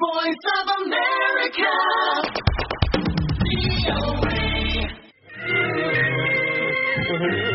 voice of America. VOA.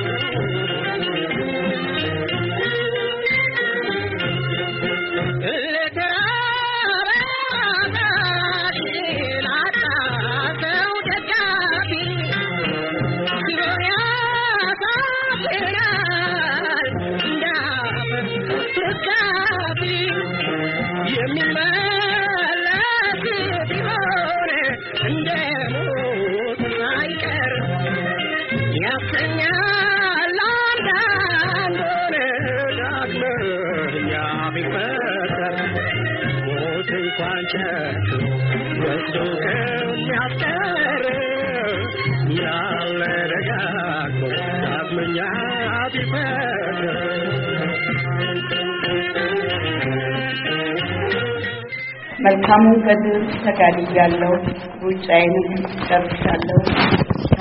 መልካሙን ገድል ተጋድያለሁ፣ ሩጫዬንም ጨርሻለሁ፣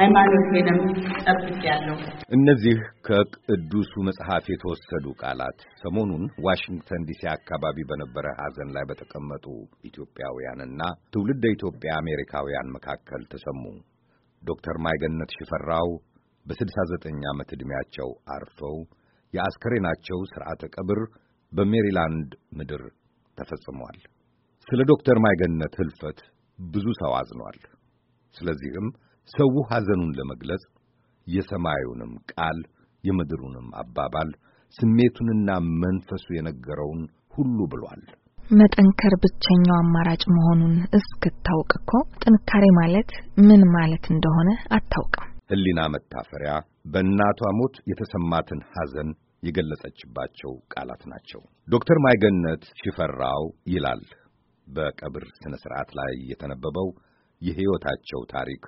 ሃይማኖቴንም ጠብቄያለሁ። እነዚህ ከቅዱሱ መጽሐፍ የተወሰዱ ቃላት ሰሞኑን ዋሽንግተን ዲሲ አካባቢ በነበረ ሐዘን ላይ በተቀመጡ ኢትዮጵያውያንና ትውልደ ኢትዮጵያ አሜሪካውያን መካከል ተሰሙ። ዶክተር ማይገነት ሽፈራው በ69 ዓመት ዕድሜያቸው አርፈው የአስከሬናቸው ሥርዓተ ቀብር በሜሪላንድ ምድር ተፈጽሟል። ስለ ዶክተር ማይገነት ህልፈት ብዙ ሰው አዝኗል። ስለዚህም ሰው ሐዘኑን ለመግለጽ የሰማዩንም ቃል የምድሩንም አባባል ስሜቱንና መንፈሱ የነገረውን ሁሉ ብሏል። መጠንከር ብቸኛው አማራጭ መሆኑን እስክታውቅ እኮ ጥንካሬ ማለት ምን ማለት እንደሆነ አታውቅም። ህሊና መታፈሪያ በእናቷ ሞት የተሰማትን ሐዘን የገለጸችባቸው ቃላት ናቸው። ዶክተር ማይገነት ሽፈራው ይላል በቀብር ስነ ስርዓት ላይ የተነበበው የህይወታቸው ታሪክ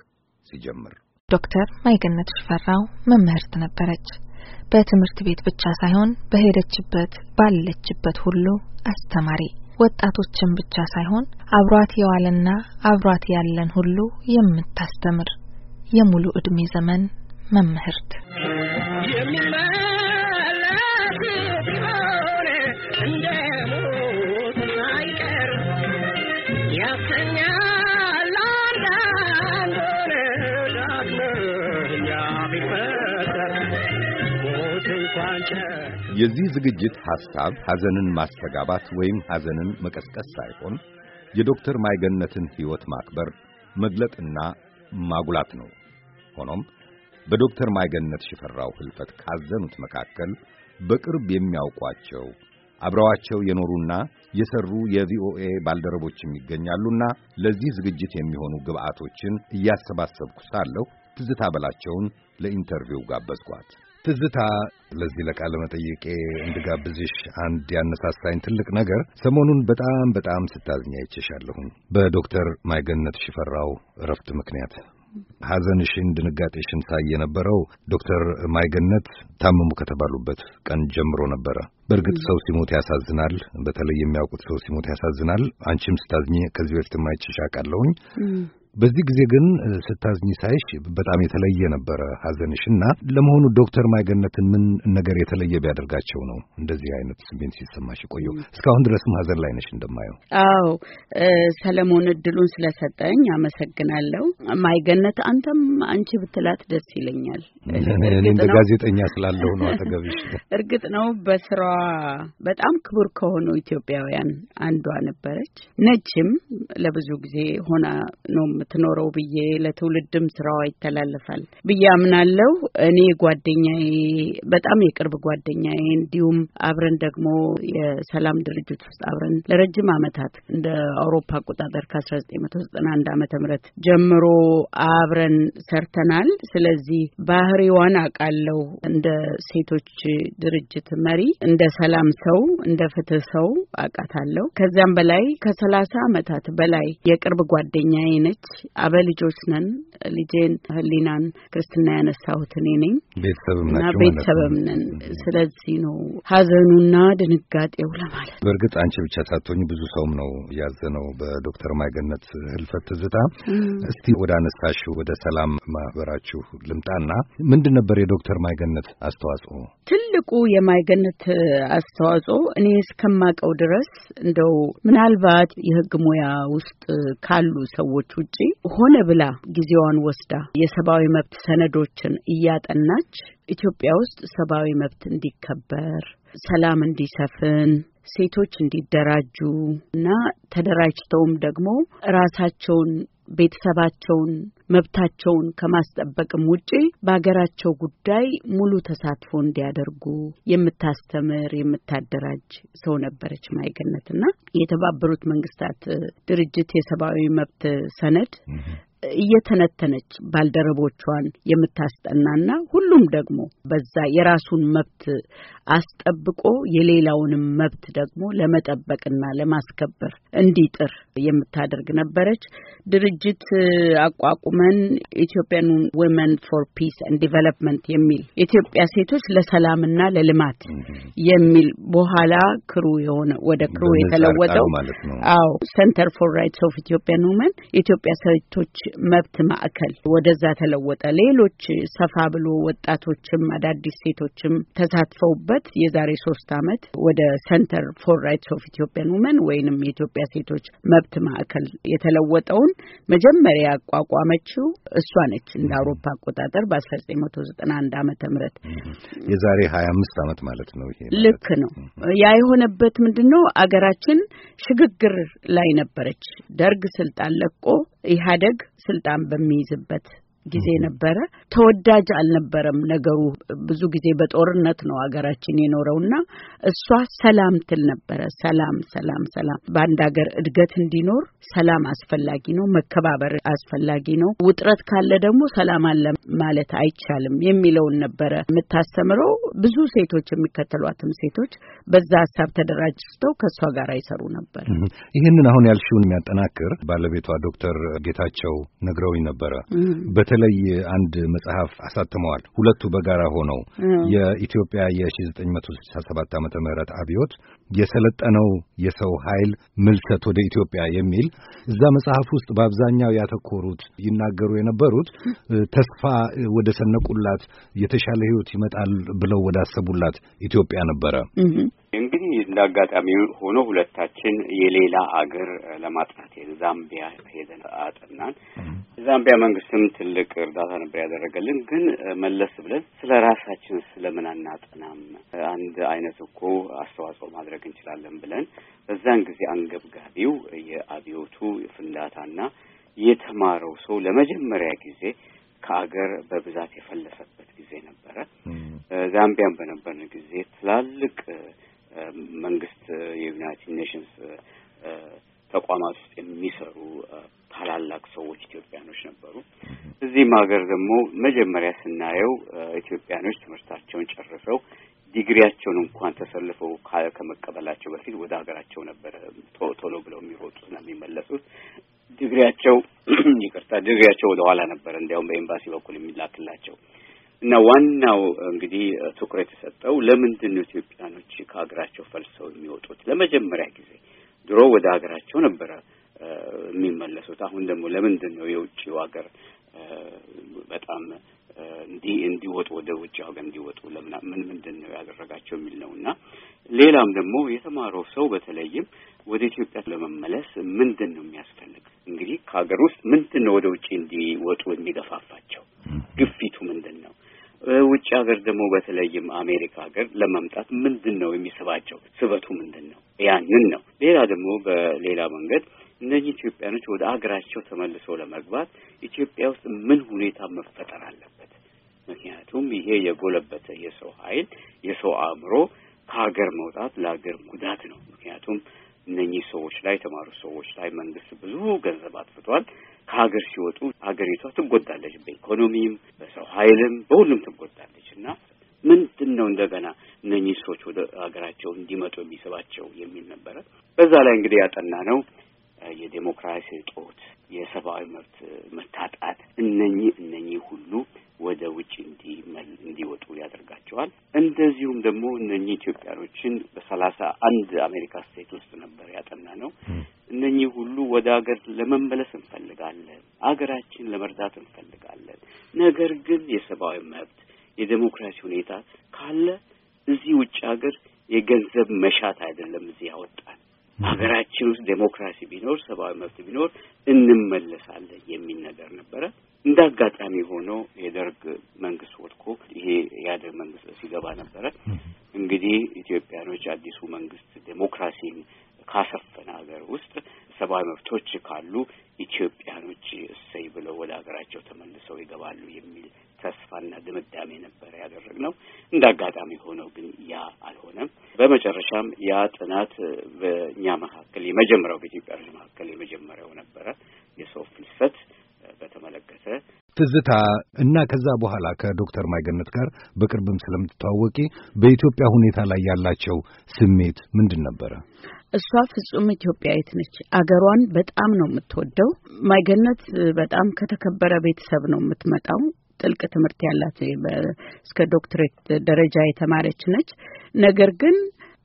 ሲጀምር ዶክተር ማይገነት ሽፈራው መምህርት ነበረች። በትምህርት ቤት ብቻ ሳይሆን በሄደችበት ባለችበት ሁሉ አስተማሪ፣ ወጣቶችን ብቻ ሳይሆን አብሯት የዋለና አብሯት ያለን ሁሉ የምታስተምር የሙሉ እድሜ ዘመን መምህርት የዚህ ዝግጅት ሐሳብ ሐዘንን ማስተጋባት ወይም ሐዘንን መቀስቀስ ሳይሆን የዶክተር ማይገነትን ሕይወት ማክበር መግለጥና ማጉላት ነው። ሆኖም በዶክተር ማይገነት ሽፈራው ሕልፈት ካዘኑት መካከል በቅርብ የሚያውቋቸው አብረዋቸው የኖሩና የሰሩ የቪኦኤ ባልደረቦችም ይገኛሉና ለዚህ ዝግጅት የሚሆኑ ግብአቶችን እያሰባሰብኩ ሳለሁ ትዝታ በላቸውን ለኢንተርቪው ጋበዝኳት። ትዝታ ለዚህ ለቃለ መጠይቄ እንድጋብዝሽ አንድ ያነሳሳኝ ትልቅ ነገር ሰሞኑን በጣም በጣም ስታዝኝ አይቼሻለሁኝ በዶክተር ማይገነት ሽፈራው እረፍት ምክንያት ሐዘንሽን ድንጋጤሽን ሳይ የነበረው ዶክተር ማይገነት ታመሙ ከተባሉበት ቀን ጀምሮ ነበረ። በእርግጥ ሰው ሲሞት ያሳዝናል። በተለይ የሚያውቁት ሰው ሲሞት ያሳዝናል። አንቺም ስታዝኝ ከዚህ በፊት ማይችሻ ቃለውኝ በዚህ ጊዜ ግን ስታዝኝ ሳይሽ በጣም የተለየ ነበረ ሐዘንሽ። እና ለመሆኑ ዶክተር ማይገነትን ምን ነገር የተለየ ቢያደርጋቸው ነው እንደዚህ አይነት ስሜት ሲሰማሽ የቆየው? እስካሁን ድረስም ሐዘን ላይ ነሽ እንደማየው። አዎ፣ ሰለሞን እድሉን ስለሰጠኝ አመሰግናለሁ። ማይገነት አንተም አንቺ ብትላት ደስ ይለኛል። እኔ እንደ ጋዜጠኛ ስላለሁ ነው አጠገብሽ። እርግጥ ነው በስራዋ በጣም ክቡር ከሆኑ ኢትዮጵያውያን አንዷ ነበረች፣ ነችም ለብዙ ጊዜ ሆና ነው የምትኖረው ብዬ ለትውልድም ስራዋ ይተላለፋል ብዬ አምናለሁ። እኔ ጓደኛዬ በጣም የቅርብ ጓደኛዬ እንዲሁም አብረን ደግሞ የሰላም ድርጅት ውስጥ አብረን ለረጅም ዓመታት እንደ አውሮፓ አቆጣጠር ከ1991 ዓመተ ምህረት ጀምሮ አብረን ሰርተናል። ስለዚህ ባህሪዋን አውቃለሁ። እንደ ሴቶች ድርጅት መሪ፣ እንደ ሰላም ሰው፣ እንደ ፍትህ ሰው አውቃታለሁ። ከዚያም በላይ ከሰላሳ አመታት በላይ የቅርብ ጓደኛዬ ነች። አበ ልጆች ነን። ልጄን ህሊናን ክርስትና ያነሳሁት እኔ ነኝ እና ቤተሰብም ነን። ስለዚህ ነው ሀዘኑና ድንጋጤው ለማለት። በእርግጥ አንቺ ብቻ ሳትሆኝ ብዙ ሰውም ነው ያዘነው በዶክተር ማይገነት ህልፈት ትዝታ። እስቲ ወደ አነሳሽው ወደ ሰላም ማህበራችሁ ልምጣና ምንድን ነበር የዶክተር ማይገነት አስተዋጽኦ? ትልቁ የማይገነት አስተዋጽኦ እኔ እስከማቀው ድረስ እንደው ምናልባት የህግ ሙያ ውስጥ ካሉ ሰዎች ውጪ ሆነ ብላ ጊዜዋን ወስዳ የሰብአዊ መብት ሰነዶችን እያጠናች ኢትዮጵያ ውስጥ ሰብአዊ መብት እንዲከበር፣ ሰላም እንዲሰፍን ሴቶች እንዲደራጁ እና ተደራጅተውም ደግሞ ራሳቸውን ቤተሰባቸውን መብታቸውን ከማስጠበቅም ውጪ በሀገራቸው ጉዳይ ሙሉ ተሳትፎ እንዲያደርጉ የምታስተምር የምታደራጅ ሰው ነበረች ማይገነት እና የተባበሩት መንግስታት ድርጅት የሰብአዊ መብት ሰነድ እየተነተነች ባልደረቦቿን የምታስጠናና ሁሉም ደግሞ በዛ የራሱን መብት አስጠብቆ የሌላውንም መብት ደግሞ ለመጠበቅና ለማስከበር እንዲጥር የምታደርግ ነበረች። ድርጅት አቋቁመን ኢትዮጵያን ዊመን ፎር ፒስ ኤንድ ዲቨሎፕመንት የሚል የኢትዮጵያ ሴቶች ለሰላምና ለልማት የሚል በኋላ ክሩ የሆነ ወደ ክሩ የተለወጠው አዎ ሴንተር ፎር ራይትስ ኦፍ ኢትዮጵያን ውመን ኢትዮጵያ ሴቶች መብት ማዕከል ወደዛ ተለወጠ። ሌሎች ሰፋ ብሎ ወጣቶችም አዳዲስ ሴቶችም ተሳትፈውበት የዛሬ ሶስት አመት ወደ ሰንተር ፎር ራይትስ ኦፍ ኢትዮጵያን ውመን ወይንም የኢትዮጵያ ሴቶች መብት ማዕከል የተለወጠውን መጀመሪያ ያቋቋመችው እሷ ነች እንደ አውሮፓ አቆጣጠር በ1991 ዓመተ ምህረት የዛሬ 25 ዓመት ማለት ነው። ይሄ ልክ ነው። ያ የሆነበት ምንድን ነው? አገራችን ሽግግር ላይ ነበረች። ደርግ ስልጣን ለቆ ኢህአደግ ስልጣን በሚይዝበት ጊዜ ነበረ። ተወዳጅ አልነበረም ነገሩ። ብዙ ጊዜ በጦርነት ነው ሀገራችን የኖረውና እሷ ሰላም ትል ነበረ። ሰላም ሰላም ሰላም። በአንድ ሀገር እድገት እንዲኖር ሰላም አስፈላጊ ነው፣ መከባበር አስፈላጊ ነው። ውጥረት ካለ ደግሞ ሰላም አለ ማለት አይቻልም የሚለውን ነበረ የምታስተምረው። ብዙ ሴቶች የሚከተሏትም ሴቶች በዛ ሀሳብ ተደራጅተው ከእሷ ጋር ይሰሩ ነበር። ይህንን አሁን ያልሽውን የሚያጠናክር ባለቤቷ ዶክተር ጌታቸው ነግረውኝ ነበረ በተለይ አንድ መጽሐፍ አሳትመዋል። ሁለቱ በጋራ ሆነው የኢትዮጵያ የ1967 ዓ ም አብዮት የሰለጠነው የሰው ኃይል ምልሰት ወደ ኢትዮጵያ የሚል እዛ መጽሐፍ ውስጥ በአብዛኛው ያተኮሩት ይናገሩ የነበሩት ተስፋ ወደ ሰነቁላት የተሻለ ሕይወት ይመጣል ብለው ወዳሰቡላት ኢትዮጵያ ነበረ። እንግዲህ እንደ አጋጣሚ ሆኖ ሁለታችን የሌላ አገር ለማጥናት ዛምቢያ ሄደን አጠናን። የዛምቢያ መንግስትም ትልቅ እርዳታ ነበር ያደረገልን። ግን መለስ ብለን ስለ ራሳችን ስለምን አናጠናም? አንድ አይነት እኮ አስተዋጽኦ ማድረግ ማድረግ እንችላለን ብለን በዛን ጊዜ አንገብጋቢው የአብዮቱ ፍንዳታና የተማረው ሰው ለመጀመሪያ ጊዜ ከአገር በብዛት የፈለሰበት ጊዜ ነበረ። ዛምቢያን በነበርን ጊዜ ትላልቅ መንግስት የዩናይትድ ኔሽንስ ተቋማት ውስጥ የሚሰሩ ታላላቅ ሰዎች ኢትዮጵያኖች ነበሩ። እዚህም ሀገር ደግሞ መጀመሪያ ስናየው ኢትዮጵያኖች ትምህርታቸውን ጨርሰው ዲግሪያቸውን እንኳን ተሰልፈው ከመቀበላቸው በፊት ወደ ሀገራቸው ነበረ ቶሎ ብለው የሚሮጡትና የሚመለሱት። ዲግሪያቸው ይቅርታ፣ ዲግሪያቸው ወደ ኋላ ነበረ እንዲያውም በኤምባሲ በኩል የሚላክላቸው እና ዋናው እንግዲህ ትኩረት የተሰጠው ለምንድን ነው ኢትዮጵያኖች ከሀገራቸው ፈልሰው የሚወጡት? ለመጀመሪያ ጊዜ ድሮ ወደ ሀገራቸው ነበረ የሚመለሱት። አሁን ደግሞ ለምንድን ነው የውጭው ሀገር በጣም እንዲህ እንዲወጡ ወደ ውጭ ሀገር እንዲወጡ ለምና ምን ምንድን ነው ያደረጋቸው የሚል ነው እና ሌላም ደግሞ የተማረው ሰው በተለይም ወደ ኢትዮጵያ ለመመለስ ምንድን ነው የሚያስፈልግ? እንግዲህ ከሀገር ውስጥ ምንድን ነው ወደ ውጭ እንዲወጡ የሚገፋፋቸው ግፊቱ ምንድን ነው? ውጭ ሀገር ደግሞ በተለይም አሜሪካ ሀገር ለመምጣት ምንድን ነው የሚስባቸው? ስበቱ ምንድን ነው? ያንን ነው። ሌላ ደግሞ በሌላ መንገድ እነዚህ ኢትዮጵያኖች ወደ ሀገራቸው ተመልሰው ለመግባት ኢትዮጵያ ውስጥ ምን ሁኔታ መፈጠር አለበት? ምክንያቱም ይሄ የጎለበተ የሰው ኃይል የሰው አእምሮ ከሀገር መውጣት ለሀገር ጉዳት ነው። ምክንያቱም እነኚህ ሰዎች ላይ የተማሩ ሰዎች ላይ መንግስት ብዙ ገንዘብ አጥፍቷል። ከሀገር ሲወጡ ሀገሪቷ ትጎዳለች፣ በኢኮኖሚም በሰው ኃይልም በሁሉም ትጎዳለች እና ምንድን ነው እንደገና እነኚህ ሰዎች ወደ ሀገራቸው እንዲመጡ የሚስባቸው የሚል ነበረ። በዛ ላይ እንግዲህ ያጠና ነው የዴሞክራሲ እጦት፣ የሰብአዊ መብት መታጣት እነኚህ እነኚህ ሁሉ ወደ ውጭ እንዲወጡ ያደርጋቸዋል። እንደዚሁም ደግሞ እነኚህ ኢትዮጵያኖችን በሰላሳ አንድ አሜሪካ ስቴት ውስጥ ነበር ያጠና ነው። እነኚህ ሁሉ ወደ ሀገር ለመመለስ እንፈልጋለን፣ ሀገራችን ለመርዳት እንፈልጋለን። ነገር ግን የሰብአዊ መብት የዴሞክራሲ ሁኔታ ካለ እዚህ ውጭ ሀገር የገንዘብ መሻት አይደለም እዚህ ያወጣል ሀገራችን ውስጥ ዴሞክራሲ ቢኖር ሰብአዊ መብት ቢኖር እንመለሳለን የሚል ነገር ነበረ። እንደ አጋጣሚ ሆኖ የደርግ መንግስት ወድቆ ይሄ የአደር መንግስት ሲገባ ነበረ። እንግዲህ ኢትዮጵያኖች አዲሱ መንግስት ዴሞክራሲን ካሰፈነ ሀገር ውስጥ ሰብአዊ መብቶች ካሉ ኢትዮጵያኖች እሰይ ብለው ወደ ሀገራቸው ተመልሰው ይገባሉ የሚል ተስፋና ድምዳሜ ነበረ ነው። እንደ አጋጣሚ ሆነው ግን ያ አልሆነም። በመጨረሻም ያ ጥናት በእኛ መካከል የመጀመሪያው በኢትዮጵያኖች መካከል የመጀመሪያው ነበረ የሰው ፍልሰት በተመለከተ ትዝታ እና ከዛ በኋላ ከዶክተር ማይገነት ጋር በቅርብም ስለምትተዋወቂ በኢትዮጵያ ሁኔታ ላይ ያላቸው ስሜት ምንድን ነበረ? እሷ ፍጹም ኢትዮጵያዊት ነች። አገሯን በጣም ነው የምትወደው። ማይገነት በጣም ከተከበረ ቤተሰብ ነው የምትመጣው። ጥልቅ ትምህርት ያላት እስከ ዶክትሬት ደረጃ የተማረች ነች። ነገር ግን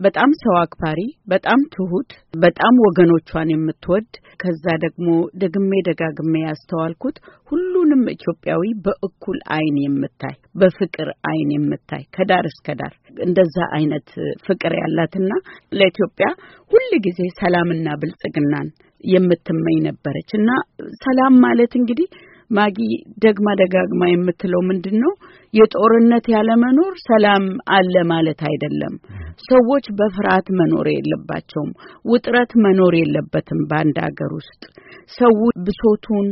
በጣም ሰው አክባሪ፣ በጣም ትሁት፣ በጣም ወገኖቿን የምትወድ ከዛ ደግሞ ደግሜ ደጋግሜ ያስተዋልኩት ሁሉንም ኢትዮጵያዊ በእኩል አይን የምታይ በፍቅር አይን የምታይ ከዳር እስከ ዳር እንደዛ አይነት ፍቅር ያላትና ለኢትዮጵያ ሁል ጊዜ ሰላምና ብልጽግናን የምትመኝ ነበረች እና ሰላም ማለት እንግዲህ ማጊ ደግማ ደጋግማ የምትለው ምንድን ነው? የጦርነት ያለመኖር ሰላም አለ ማለት አይደለም። ሰዎች በፍርሃት መኖር የለባቸውም። ውጥረት መኖር የለበትም። በአንድ ሀገር ውስጥ ሰው ብሶቱን፣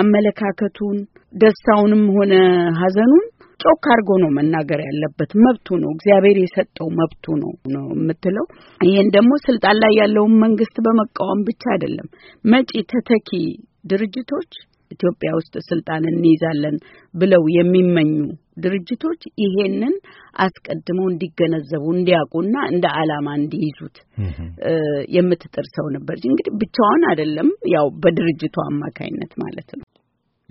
አመለካከቱን፣ ደስታውንም ሆነ ሀዘኑን ጮክ አድርጎ ነው መናገር ያለበት። መብቱ ነው፣ እግዚአብሔር የሰጠው መብቱ ነው ነው የምትለው። ይህን ደግሞ ስልጣን ላይ ያለውን መንግስት በመቃወም ብቻ አይደለም መጪ ተተኪ ድርጅቶች ኢትዮጵያ ውስጥ ስልጣን እንይዛለን ብለው የሚመኙ ድርጅቶች ይሄንን አስቀድመው እንዲገነዘቡ እንዲያውቁና እንደ ዓላማ እንዲይዙት የምትጥር ሰው ነበር። እንግዲህ ብቻዋን አይደለም፣ ያው በድርጅቱ አማካይነት ማለት ነው።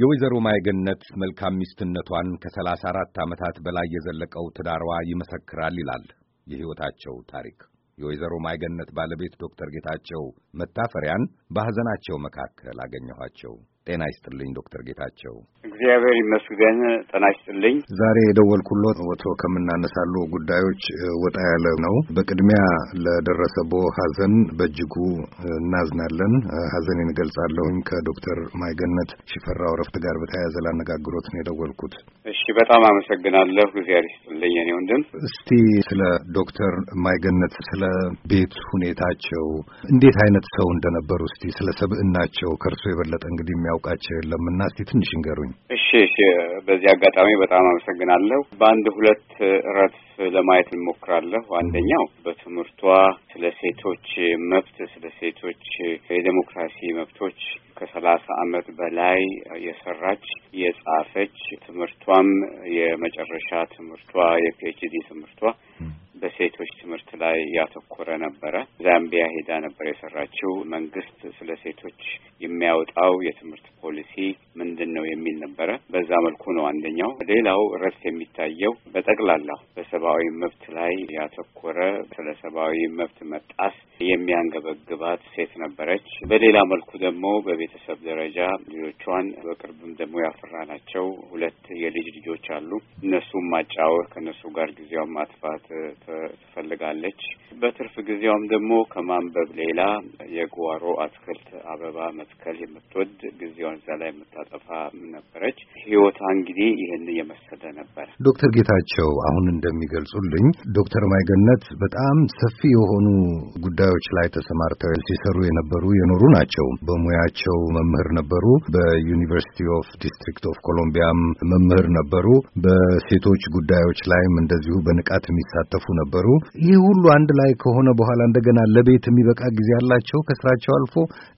የወይዘሮ ማይገነት መልካም ሚስትነቷን ከሰላሳ አራት ዓመታት በላይ የዘለቀው ትዳሯ ይመሰክራል ይላል የሕይወታቸው ታሪክ። የወይዘሮ ማይገነት ባለቤት ዶክተር ጌታቸው መታፈሪያን በሐዘናቸው መካከል አገኘኋቸው። ጤና ይስጥልኝ ዶክተር ጌታቸው እግዚአብሔር ይመስገን። ጤና ይስጥልኝ። ዛሬ የደወልኩሎት ወቶ ከምናነሳሉ ጉዳዮች ወጣ ያለ ነው። በቅድሚያ ለደረሰቦ ሀዘን በእጅጉ እናዝናለን። ሀዘን እገልጻለሁኝ። ከዶክተር ማይገነት ሽፈራው ረፍት ጋር በተያያዘ ላነጋግሮት ነው የደወልኩት። እሺ፣ በጣም አመሰግናለሁ። እግዚአብሔር ይስጥልኝ እኔ ወንድም። እስቲ ስለ ዶክተር ማይገነት ስለ ቤት ሁኔታቸው እንዴት አይነት ሰው እንደነበሩ እስቲ ስለ ሰብእናቸው ከእርሶ የበለጠ እንግዲህ የሚያውቃቸው የለምና እስቲ ትንሽ እንገሩኝ። እሺ እሺ። በዚህ አጋጣሚ በጣም አመሰግናለሁ። በአንድ ሁለት ረት ለማየት እንሞክራለሁ። አንደኛው በትምህርቷ ስለ ሴቶች መብት ስለ ሴቶች የዴሞክራሲ መብቶች ከሰላሳ አመት በላይ የሰራች የጻፈች ትምህርቷም የመጨረሻ ትምህርቷ የፒኤችዲ ትምህርቷ በሴቶች ትምህርት ላይ ያተኮረ ነበረ። ዛምቢያ ሄዳ ነበር የሰራችው። መንግስት ስለ ሴቶች የሚያወጣው የትምህርት ፖሊሲ ምንድን ነው የሚል ነበረ። በዛ መልኩ ነው አንደኛው። ሌላው ረስ የሚታየው በጠቅላላው በሰብአዊ ሰብአዊ መብት ላይ ያተኮረ ስለ ሰብአዊ መብት መጣስ የሚያንገበግባት ሴት ነበረች። በሌላ መልኩ ደግሞ በቤተሰብ ደረጃ ልጆቿን በቅርብም ደግሞ ያፈራናቸው ሁለት የልጅ ልጆች አሉ። እነሱም ማጫወት ከእነሱ ጋር ጊዜውን ማጥፋት ትፈልጋለች። በትርፍ ጊዜውም ደግሞ ከማንበብ ሌላ የጓሮ አትክልት አበባ መትከል የምትወድ ጊዜውን እዛ ላይ የምታጠፋ ነበረች። ህይወቷ እንግዲህ ይህን የመሰለ ነበር። ዶክተር ጌታቸው አሁን እንደሚ እንዲገልጹልኝ። ዶክተር ማይገነት በጣም ሰፊ የሆኑ ጉዳዮች ላይ ተሰማርተው ሲሰሩ የነበሩ የኖሩ ናቸው። በሙያቸው መምህር ነበሩ። በዩኒቨርሲቲ ኦፍ ዲስትሪክት ኦፍ ኮሎምቢያም መምህር ነበሩ። በሴቶች ጉዳዮች ላይም እንደዚሁ በንቃት የሚሳተፉ ነበሩ። ይህ ሁሉ አንድ ላይ ከሆነ በኋላ እንደገና ለቤት የሚበቃ ጊዜ ያላቸው ከስራቸው አልፎ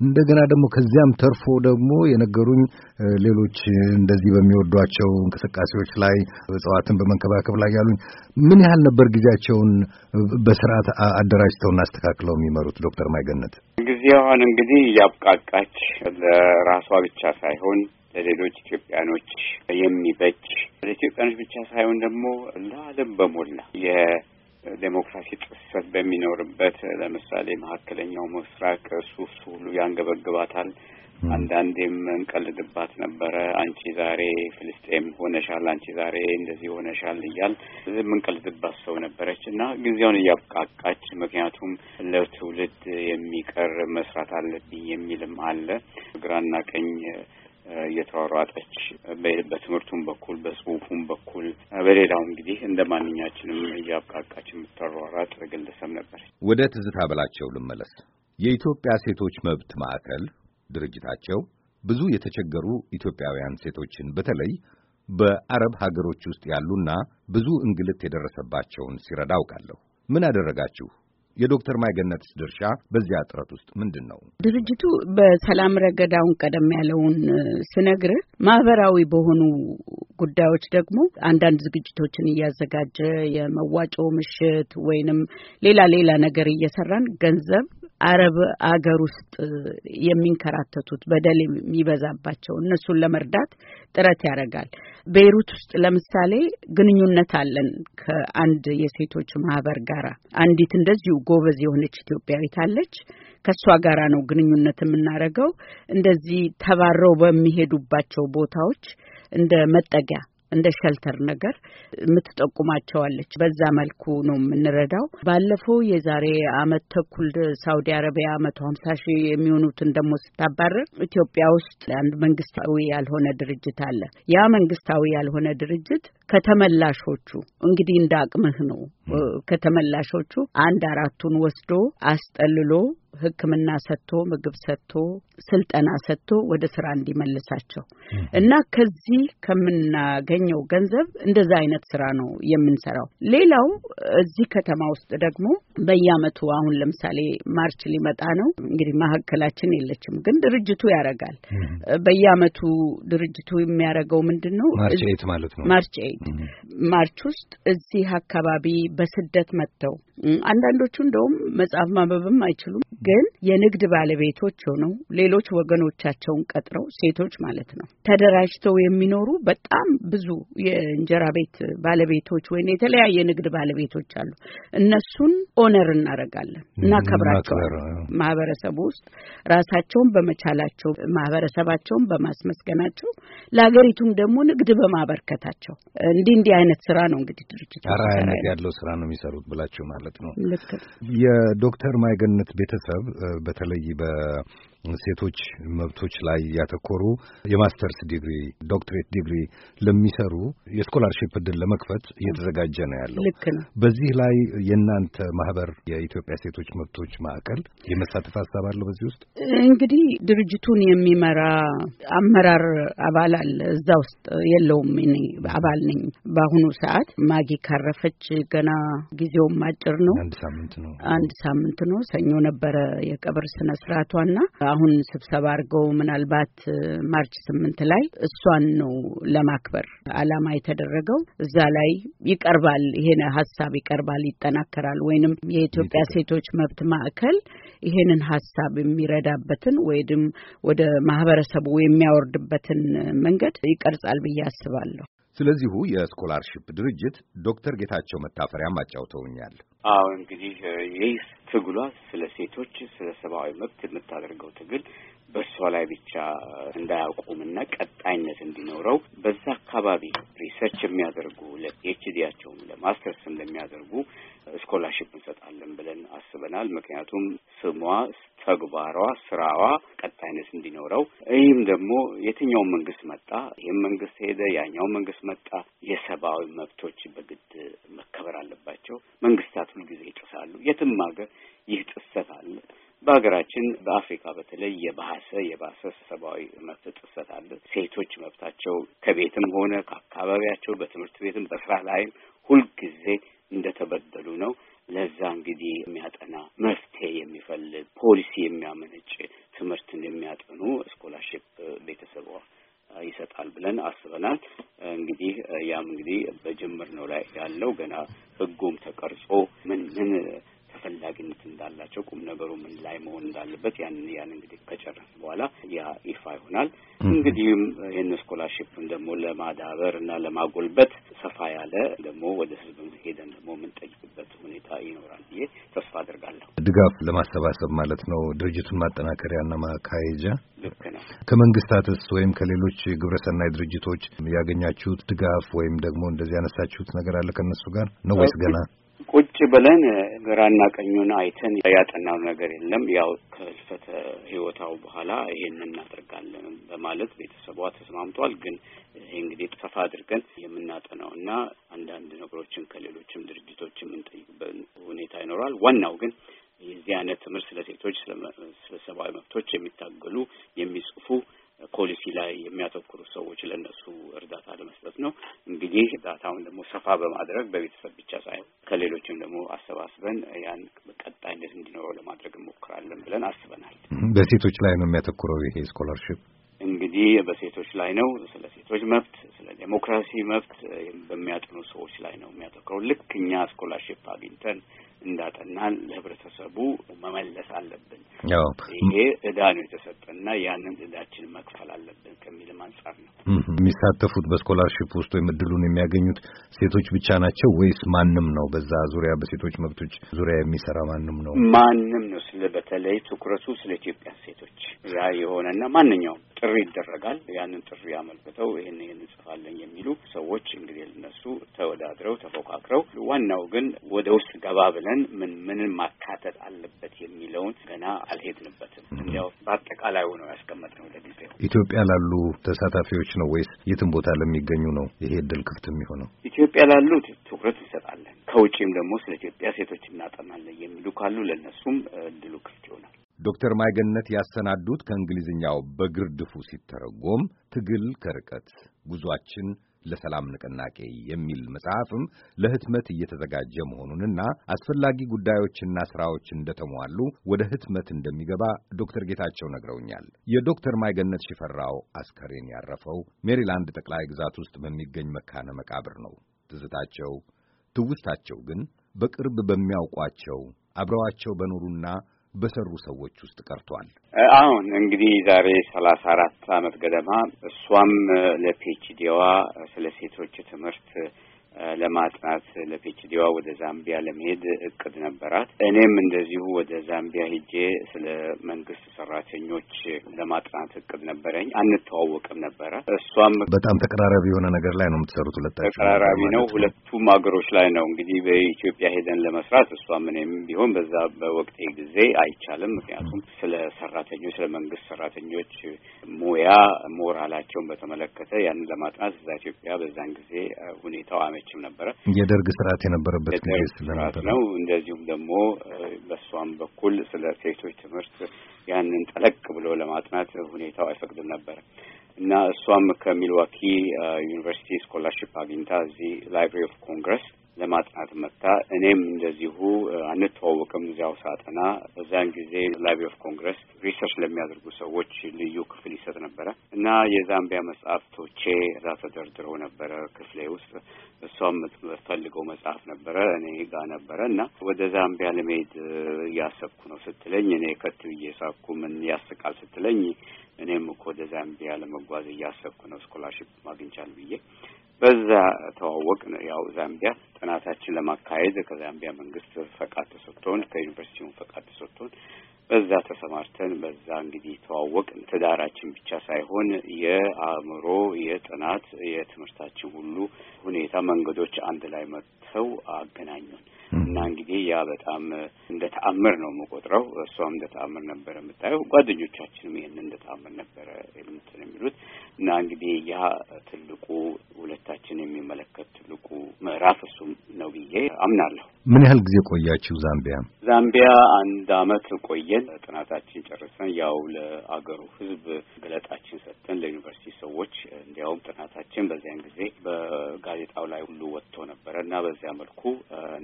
እንደገና ደግሞ ከዚያም ተርፎ ደግሞ የነገሩኝ ሌሎች እንደዚህ በሚወዷቸው እንቅስቃሴዎች ላይ እጽዋትን በመንከባከብ ላይ ያሉኝ ምን ያህል ነበር ጊዜያቸውን በስርዓት አደራጅተውና አስተካክለው የሚመሩት? ዶክተር ማይገነት ጊዜዋን እንግዲህ እያብቃቃች ለራሷ ብቻ ሳይሆን ለሌሎች ኢትዮጵያኖች የሚበጅ ለኢትዮጵያኖች ብቻ ሳይሆን ደግሞ ለዓለም በሞላ የዴሞክራሲ ጥሰት በሚኖርበት ለምሳሌ መካከለኛው ምስራቅ እሱ እሱ ሁሉ ያንገበግባታል። አንዳንዴም እንቀልድባት ነበረ። አንቺ ዛሬ ፍልስጤም ሆነሻል፣ አንቺ ዛሬ እንደዚህ ሆነሻል እያል የምንቀልድባት ሰው ነበረች እና ጊዜውን እያብቃቃች ምክንያቱም ለትውልድ የሚቀር መስራት አለብኝ የሚልም አለ ግራና ቀኝ እየተሯሯጠች በትምህርቱም በኩል በጽሁፉም በኩል በሌላው እንግዲህ እንደ ማንኛችንም እያብቃቃች የምትሯሯጥ ግለሰብ ነበር። ወደ ትዝታ በላቸው ልመለስ። የኢትዮጵያ ሴቶች መብት ማዕከል ድርጅታቸው ብዙ የተቸገሩ ኢትዮጵያውያን ሴቶችን በተለይ በአረብ ሀገሮች ውስጥ ያሉና ብዙ እንግልት የደረሰባቸውን ሲረዳ አውቃለሁ። ምን አደረጋችሁ? የዶክተር ማይገነትስ ድርሻ በዚያ ጥረት ውስጥ ምንድን ነው? ድርጅቱ በሰላም ረገድ አሁን ቀደም ያለውን ስነግርህ ማህበራዊ በሆኑ ጉዳዮች ደግሞ አንዳንድ ዝግጅቶችን እያዘጋጀ የመዋጮ ምሽት ወይንም ሌላ ሌላ ነገር እየሰራን ገንዘብ አረብ አገር ውስጥ የሚንከራተቱት በደል የሚበዛባቸው እነሱን ለመርዳት ጥረት ያደርጋል። ቤይሩት ውስጥ ለምሳሌ ግንኙነት አለን ከአንድ የሴቶች ማህበር ጋር። አንዲት እንደዚሁ ጎበዝ የሆነች ኢትዮጵያዊት አለች። ከእሷ ጋራ ነው ግንኙነት የምናደርገው። እንደዚህ ተባረው በሚሄዱባቸው ቦታዎች እንደ መጠጊያ እንደ ሸልተር ነገር የምትጠቁማቸዋለች። በዛ መልኩ ነው የምንረዳው። ባለፈው የዛሬ አመት ተኩል ሳውዲ አረቢያ መቶ ሀምሳ ሺህ የሚሆኑትን ደግሞ ስታባረር ኢትዮጵያ ውስጥ አንድ መንግስታዊ ያልሆነ ድርጅት አለ። ያ መንግስታዊ ያልሆነ ድርጅት ከተመላሾቹ እንግዲህ እንደ አቅምህ ነው ከተመላሾቹ አንድ አራቱን ወስዶ አስጠልሎ ሕክምና ሰጥቶ ምግብ ሰጥቶ ስልጠና ሰጥቶ ወደ ስራ እንዲመልሳቸው እና ከዚህ ከምናገኘው ገንዘብ እንደዛ አይነት ስራ ነው የምንሰራው። ሌላው እዚህ ከተማ ውስጥ ደግሞ በየአመቱ አሁን ለምሳሌ ማርች ሊመጣ ነው እንግዲህ መካከላችን የለችም፣ ግን ድርጅቱ ያደርጋል። በየአመቱ ድርጅቱ የሚያደርገው ምንድን ነው? ማርች ኤት ማለት ነው። ማርች ማርች ውስጥ እዚህ አካባቢ በስደት መጥተው አንዳንዶቹ እንደውም መጽሐፍ ማንበብም አይችሉም ግን የንግድ ባለቤቶች ሆነው ሌሎች ወገኖቻቸውን ቀጥረው ሴቶች ማለት ነው ተደራጅተው የሚኖሩ በጣም ብዙ የእንጀራ ቤት ባለቤቶች ወይም የተለያየ ንግድ ባለቤቶች አሉ። እነሱን ኦነር እናደርጋለን፣ እናከብራቸዋለን። ማህበረሰቡ ውስጥ ራሳቸውን በመቻላቸው ማህበረሰባቸውን በማስመስገናቸው ለሀገሪቱም ደግሞ ንግድ በማበርከታቸው እንዲህ እንዲህ አይነት ስራ ነው እንግዲህ ድርጅት ያለው ስራ ነው የሚሰሩት ብላችሁ ማለት ነው። የዶክተር ማይገነት ቤተሰብ ማህበረሰብ በተለይ ሴቶች መብቶች ላይ ያተኮሩ የማስተርስ ዲግሪ፣ ዶክትሬት ዲግሪ ለሚሰሩ የስኮላርሽፕ እድል ለመክፈት እየተዘጋጀ ነው ያለው። ልክ ነው። በዚህ ላይ የእናንተ ማህበር የኢትዮጵያ ሴቶች መብቶች ማዕከል የመሳተፍ ሀሳብ አለው። በዚህ ውስጥ እንግዲህ ድርጅቱን የሚመራ አመራር አባል አለ። እዛ ውስጥ የለውም። እኔ አባል ነኝ። በአሁኑ ሰዓት ማጊ ካረፈች ገና ጊዜውም አጭር ነው። አንድ ሳምንት ነው። አንድ ሳምንት ነው። ሰኞ ነበረ የቀብር ስነ ስርዓቷና አሁን ስብሰባ አድርገው ምናልባት ማርች ስምንት ላይ እሷን ነው ለማክበር አላማ የተደረገው። እዛ ላይ ይቀርባል፣ ይሄን ሀሳብ ይቀርባል፣ ይጠናከራል። ወይንም የኢትዮጵያ ሴቶች መብት ማዕከል ይሄንን ሀሳብ የሚረዳበትን ወይም ወደ ማህበረሰቡ የሚያወርድበትን መንገድ ይቀርጻል ብዬ አስባለሁ። ስለዚሁ የስኮላርሺፕ ድርጅት ዶክተር ጌታቸው መታፈሪያም አጫውተውኛል። አዎ እንግዲህ ይህ ትግሏ ስለ ሴቶች ስለ ሰብአዊ መብት የምታደርገው ትግል በእሷ ላይ ብቻ እንዳያቆምና ቀጣይነት እንዲኖረው በዛ አካባቢ ሪሰርች የሚያደርጉ ለፒኤችዲያቸውም ለማስተርስም ለሚያደርጉ ስኮላርሽፕ እንሰጣለን ብለን አስበናል። ምክንያቱም ስሟ፣ ተግባሯ፣ ስራዋ ቀጣይነት እንዲኖረው ይህም ደግሞ የትኛው መንግስት መጣ፣ ይህም መንግስት ሄደ፣ ያኛው መንግስት መጣ፣ የሰብአዊ መብቶች በግድ መከበር አለባቸው። መንግስታት ሁልጊዜ ይጥሳሉ። የትም ሀገር ይህ ጥሰት አለ። በሀገራችን በአፍሪካ በተለይ የባሰ የባሰ ሰብአዊ መብት ጥሰት አለ። ሴቶች መብታቸው ከቤትም ሆነ ከአካባቢያቸው በትምህርት ቤትም በስራ ላይም ሁልጊዜ እንደተበደሉ ነው። ለዛ እንግዲህ የሚያጠና መፍትሄ የሚፈልግ ፖሊሲ የሚያመነጭ ትምህርትን የሚያጠኑ ስኮላርሽፕ ቤተሰቧ ይሰጣል ብለን አስበናል። እንግዲህ ያም እንግዲህ በጅምር ነው ላይ ያለው ገና ህጉም ተቀርጾ ምን ምን ተፈላጊነት እንዳላቸው ቁም ነገሩ ምን ላይ መሆን እንዳለበት ያን ያን እንግዲህ ከጨረስ በኋላ ያ ይፋ ይሆናል። እንግዲህም ይህን ስኮላርሽፕን ደግሞ ለማዳበር እና ለማጎልበት ሰፋ ያለ ደግሞ ወደ ህዝብ ሄደን ደግሞ የምንጠይቅበት ሁኔታ ይኖራል ብዬ ተስፋ አድርጋለሁ። ድጋፍ ለማሰባሰብ ማለት ነው። ድርጅቱን ማጠናከሪያና ማካሄጃ ልክ ከመንግስታትስ ወይም ከሌሎች ግብረሰናይ ድርጅቶች ያገኛችሁት ድጋፍ ወይም ደግሞ እንደዚህ ያነሳችሁት ነገር አለ ከእነሱ ጋር ነው ወይስ ገና ብለን ግራና ቀኙን አይተን ያጠናው ነገር የለም። ያው ከህልፈተ ህይወታው በኋላ ይሄን እናደርጋለን በማለት ቤተሰቧ ተስማምቷል። ግን ይሄ እንግዲህ ሰፋ አድርገን የምናጠናው እና አንዳንድ ነገሮችን ከሌሎችም ድርጅቶች የምንጠይቅበት ሁኔታ ይኖራል። ዋናው ግን የዚህ አይነት ትምህርት ስለ ሴቶች፣ ስለ ሰብአዊ መብቶች የሚታገሉ የሚጽፉ ፖሊሲ ላይ የሚያተኩሩ ሰዎች ለእነሱ እርዳታ ለመስጠት ነው። እንግዲህ እርዳታውን ደግሞ ሰፋ በማድረግ በቤተሰብ ብቻ ሳይሆን ከሌሎችም ደግሞ አሰባስበን ያን ቀጣይነት እንዲኖረው ለማድረግ እንሞክራለን ብለን አስበናል። በሴቶች ላይ ነው የሚያተኩረው ይሄ ስኮላርሽፕ እንግዲህ በሴቶች ላይ ነው። ስለ ሴቶች መብት፣ ስለ ዴሞክራሲ መብት በሚያጥኑ ሰዎች ላይ ነው የሚያተኩረው ልክ እኛ ስኮላርሽፕ አግኝተን እንዳጠናን ለህብረተሰቡ መመለስ አለብን። ይሄ እዳ ነው የተሰጠና ያንን እዳችን መክፈል አለብን ከሚልም አንጻር ነው። የሚሳተፉት በስኮላርሽፕ ውስጥ ወይም እድሉን የሚያገኙት ሴቶች ብቻ ናቸው ወይስ ማንም ነው? በዛ ዙሪያ በሴቶች መብቶች ዙሪያ የሚሰራ ማንም ነው? ማንም ነው። ስለ በተለይ ትኩረቱ ስለ ኢትዮጵያ ሴቶች ያ የሆነና ማንኛውም ጥሪ ይደረጋል። ያንን ጥሪ አመልክተው ይህን ይህን እንጽፋለን የሚሉ ሰዎች እንግዲህ እነሱ ተወዳድረው ተፎካክረው፣ ዋናው ግን ወደ ውስጥ ገባ ብለን ምን ምንን ማካተት አለበት የሚለውን ገና አልሄድንበትም። እንዲያው በአጠቃላዩ ነው ያስቀመጥነው። ለጊዜው ኢትዮጵያ ላሉ ተሳታፊዎች ነው ወይስ የትም ቦታ ለሚገኙ ነው ይሄ እድል ክፍት የሚሆነው? ኢትዮጵያ ላሉ ትኩረት እንሰጣለን። ከውጪም ደግሞ ስለ ኢትዮጵያ ሴቶች እናጠናለን የሚሉ ካሉ ለእነሱም እድሉ ክፍት ዶክተር ማይገነት ያሰናዱት ከእንግሊዝኛው በግርድፉ ሲተረጎም ትግል ከርቀት ጉዟችን ለሰላም ንቅናቄ የሚል መጽሐፍም ለህትመት እየተዘጋጀ መሆኑንና አስፈላጊ ጉዳዮችና ስራዎች እንደተሟሉ ወደ ህትመት እንደሚገባ ዶክተር ጌታቸው ነግረውኛል። የዶክተር ማይገነት ሽፈራው አስከሬን ያረፈው ሜሪላንድ ጠቅላይ ግዛት ውስጥ በሚገኝ መካነ መቃብር ነው። ትዝታቸው ትውስታቸው ግን በቅርብ በሚያውቋቸው አብረዋቸው በኖሩና በሰሩ ሰዎች ውስጥ ቀርቷል። አሁን እንግዲህ ዛሬ ሰላሳ አራት አመት ገደማ እሷም ለፒኤችዲዋ ስለ ሴቶች ትምህርት ለማጥናት ለፒኤችዲዋ ወደ ዛምቢያ ለመሄድ እቅድ ነበራት። እኔም እንደዚሁ ወደ ዛምቢያ ሄጄ ስለ መንግስት ሰራተኞች ለማጥናት እቅድ ነበረኝ። አንተዋወቅም ነበረ። እሷም በጣም ተቀራራቢ የሆነ ነገር ላይ ነው የምትሰሩት። ሁለ ተቀራራቢ ነው። ሁለቱም ሀገሮች ላይ ነው እንግዲህ በኢትዮጵያ ሄደን ለመስራት እሷም እኔም ቢሆን በዛ በወቅቴ ጊዜ አይቻልም። ምክንያቱም ስለ ሰራተኞች ስለ መንግስት ሰራተኞች ሙያ ሞራላቸውን በተመለከተ ያንን ለማጥናት እዛ ኢትዮጵያ በዛን ጊዜ ሁኔታው አመ አልተገኘችም ነበረ። የደርግ ስርዓት የነበረበት ጊዜ ስለነበረ ነው። እንደዚሁም ደግሞ በእሷም በኩል ስለ ሴቶች ትምህርት ያንን ጠለቅ ብሎ ለማጥናት ሁኔታው አይፈቅድም ነበረ እና እሷም ከሚልዋኪ ዩኒቨርሲቲ ስኮላርሽፕ አግኝታ እዚህ ላይብራሪ ኦፍ ኮንግረስ ለማጥናት መጥታ እኔም እንደዚሁ አንተዋወቅም እዚያው ሳጠና በዛን ጊዜ ላይብሪ ኦፍ ኮንግረስ ሪሰርች ለሚያደርጉ ሰዎች ልዩ ክፍል ይሰጥ ነበረ እና የዛምቢያ መጽሐፍቶቼ እዛ ተደርድረው ነበረ ክፍሌ ውስጥ። እሷም የምትፈልገው መጽሐፍ ነበረ እኔ ጋር ነበረ እና ወደ ዛምቢያ ለመሄድ እያሰብኩ ነው ስትለኝ እኔ ከት ብዬ ሳኩ ምን ያስቃል ስትለኝ እኔም እኮ ወደ ዛምቢያ ለመጓዝ እያሰብኩ ነው ስኮላርሽፕ ማግኝቻል ብዬ በዛ ተዋወቅ ያው ዛምቢያ ጥናታችን ለማካሄድ ከዛምቢያ መንግስት ፈቃድ ተሰጥቶን ከዩኒቨርሲቲውን ፈቃድ ተሰጥቶን በዛ ተሰማርተን በዛ እንግዲህ ተዋወቅ ትዳራችን ብቻ ሳይሆን የአእምሮ የጥናት የትምህርታችን ሁሉ ሁኔታ መንገዶች አንድ ላይ መጥተው አገናኙን። እና እንግዲህ ያ በጣም እንደ ተአምር ነው የምቆጥረው። እሷም እንደ ተአምር ነበረ የምታየው፣ ጓደኞቻችንም ይህን እንደ ተአምር ነበረ እንትን የሚሉት እና እንግዲህ ያ ትልቁ ሁለታችን የሚመለከት ትልቁ ምዕራፍ እሱም ነው ብዬ አምናለሁ። ምን ያህል ጊዜ ቆያችሁ ዛምቢያ? ዛምቢያ አንድ አመት ቆየን። ጥናታችን ጨርሰን ያው ለአገሩ ህዝብ ገለጣችን ሰጥተን ለዩኒቨርሲቲ ሰዎች እንዲያውም ጥናታችን በዚያን ጊዜ በጋዜጣው ላይ ሁሉ ወጥቶ ነበረ እና በዚያ መልኩ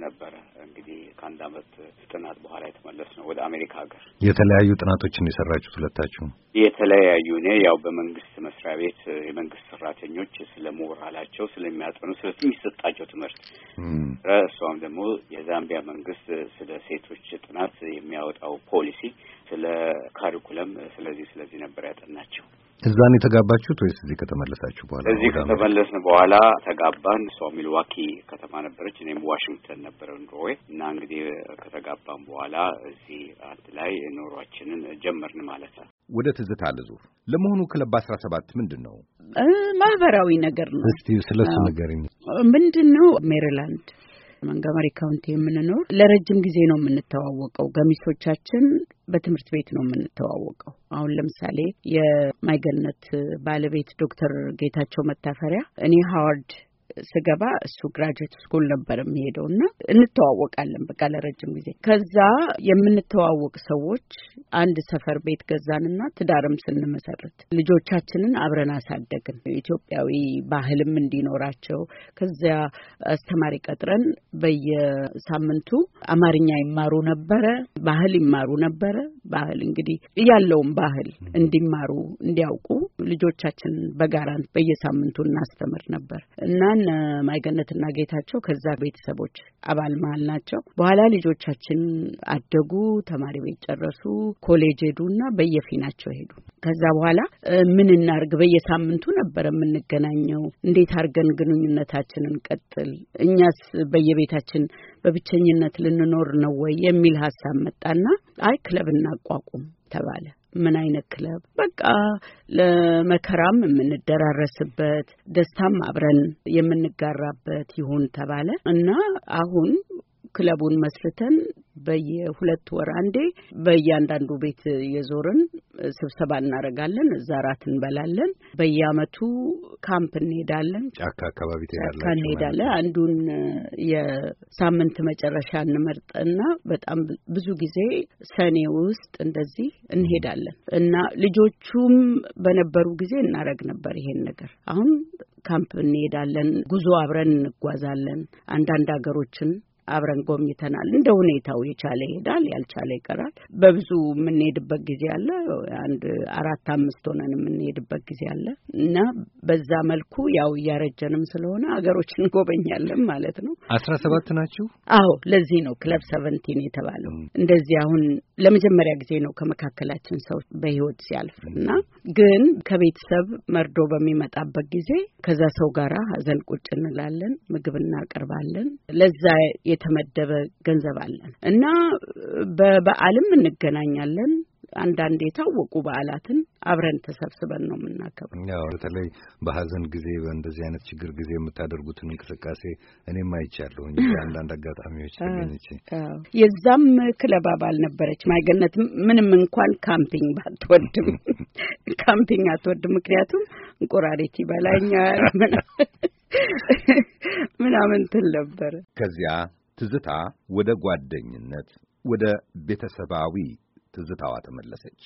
ነበረ እንግዲህ ከአንድ አመት ጥናት በኋላ የተመለስ ነው ወደ አሜሪካ ሀገር። የተለያዩ ጥናቶችን የሰራችሁት ሁለታችሁ? የተለያዩ እኔ ያው በመንግስት መስሪያ ቤት የመንግስት ሰራተኞች ስለ ሞራላቸው ስለሚያጠኑ የሚሰጣቸው ትምህርት፣ እሷም ደግሞ የዛምቢያ መንግስት ስለ ሴቶች ጥናት የሚያወጣው ፖሊሲ ስለ ካሪኩለም ስለዚህ ስለዚህ ነበር ያጠናቸው። እዛን የተጋባችሁት ወይስ እዚህ ከተመለሳችሁ በኋላ? እዚህ ከተመለስን በኋላ ተጋባን። እሷ ሚልዋኪ ከተማ ነበረች፣ እኔም ዋሽንግተን ነበረ ኑሮዬ እና እንግዲህ ከተጋባን በኋላ እዚህ አንድ ላይ ኑሯችንን ጀመርን ማለት ነው። ወደ ትዝታ ልዙር። ለመሆኑ ክለብ አስራ ሰባት ምንድን ነው? ማህበራዊ ነገር ነው። እስቲ ስለ እሱ ንገሪኝ። ምንድን ነው? ሜሪላንድ መንገመሪ ካውንቲ የምንኖር ለረጅም ጊዜ ነው የምንተዋወቀው። ገሚሶቻችን በትምህርት ቤት ነው የምንተዋወቀው። አሁን ለምሳሌ የማይገልነት ባለቤት ዶክተር ጌታቸው መታፈሪያ እኔ ሀዋርድ ስገባ እሱ ግራጁዌት ስኩል ነበር የሚሄደው እና እንተዋወቃለን በቃ ለረጅም ጊዜ። ከዛ የምንተዋወቅ ሰዎች አንድ ሰፈር ቤት ገዛንና ትዳርም ስንመሰርት ልጆቻችንን አብረን አሳደግን። ኢትዮጵያዊ ባህልም እንዲኖራቸው ከዚያ አስተማሪ ቀጥረን በየሳምንቱ አማርኛ ይማሩ ነበረ፣ ባህል ይማሩ ነበረ። ባህል እንግዲህ ያለውን ባህል እንዲማሩ እንዲያውቁ ልጆቻችንን በጋራ በየሳምንቱ እናስተምር ነበር እና እነ ማይገነትና ጌታቸው ከዛ ቤተሰቦች አባል መሀል ናቸው። በኋላ ልጆቻችን አደጉ፣ ተማሪ ቤት ጨረሱ፣ ኮሌጅ ሄዱ እና በየፊናቸው ሄዱ። ከዛ በኋላ ምን እናርግ? በየሳምንቱ ነበረ የምንገናኘው። እንዴት አድርገን ግንኙነታችንን ቀጥል፣ እኛስ በየቤታችን በብቸኝነት ልንኖር ነው ወይ የሚል ሀሳብ መጣና አይ ክለብ እናቋቁም ተባለ። ምን አይነት ክለብ በቃ ለመከራም የምንደራረስበት ደስታም አብረን የምንጋራበት ይሁን ተባለ እና አሁን ክለቡን መስርተን በየሁለት ወር አንዴ በእያንዳንዱ ቤት የዞርን ስብሰባ እናደርጋለን። እዛ ራት እንበላለን። በየአመቱ ካምፕ እንሄዳለን። ጫካ አካባቢ ጫካ እንሄዳለን። አንዱን የሳምንት መጨረሻ እንመርጥና በጣም ብዙ ጊዜ ሰኔ ውስጥ እንደዚህ እንሄዳለን እና ልጆቹም በነበሩ ጊዜ እናደርግ ነበር ይሄን ነገር አሁን ካምፕ እንሄዳለን። ጉዞ አብረን እንጓዛለን። አንዳንድ ሀገሮችን አብረን ጎብኝተናል። እንደ ሁኔታው የቻለ ይሄዳል፣ ያልቻለ ይቀራል። በብዙ የምንሄድበት ጊዜ አለ። አንድ አራት አምስት ሆነን የምንሄድበት ጊዜ አለ እና በዛ መልኩ ያው እያረጀንም ስለሆነ ሀገሮች እንጎበኛለን ማለት ነው። አስራ ሰባት ናችሁ? አዎ፣ ለዚህ ነው ክለብ ሰቨንቲን የተባለው እንደዚህ አሁን ለመጀመሪያ ጊዜ ነው ከመካከላችን ሰው በህይወት ሲያልፍ እና ግን ከቤተሰብ መርዶ በሚመጣበት ጊዜ ከዛ ሰው ጋር ሀዘን ቁጭ እንላለን፣ ምግብ እናቀርባለን። ለዛ የተመደበ ገንዘብ አለን እና በበዓልም እንገናኛለን። አንዳንድ የታወቁ በዓላትን አብረን ተሰብስበን ነው የምናከብረው። በተለይ በሀዘን ጊዜ በእንደዚህ አይነት ችግር ጊዜ የምታደርጉትን እንቅስቃሴ እኔም አይቻለሁኝ አንዳንድ አጋጣሚዎች ተገኝች። የዛም ክለብ አባል ነበረች ማይገነት። ምንም እንኳን ካምፒንግ ባትወድም ካምፒንግ አትወድም፣ ምክንያቱም እንቁራሪት ይበላኛል ምናምን ትል ነበር። ከዚያ ትዝታ ወደ ጓደኝነት ወደ ቤተሰባዊ ትዝታዋ ተመለሰች።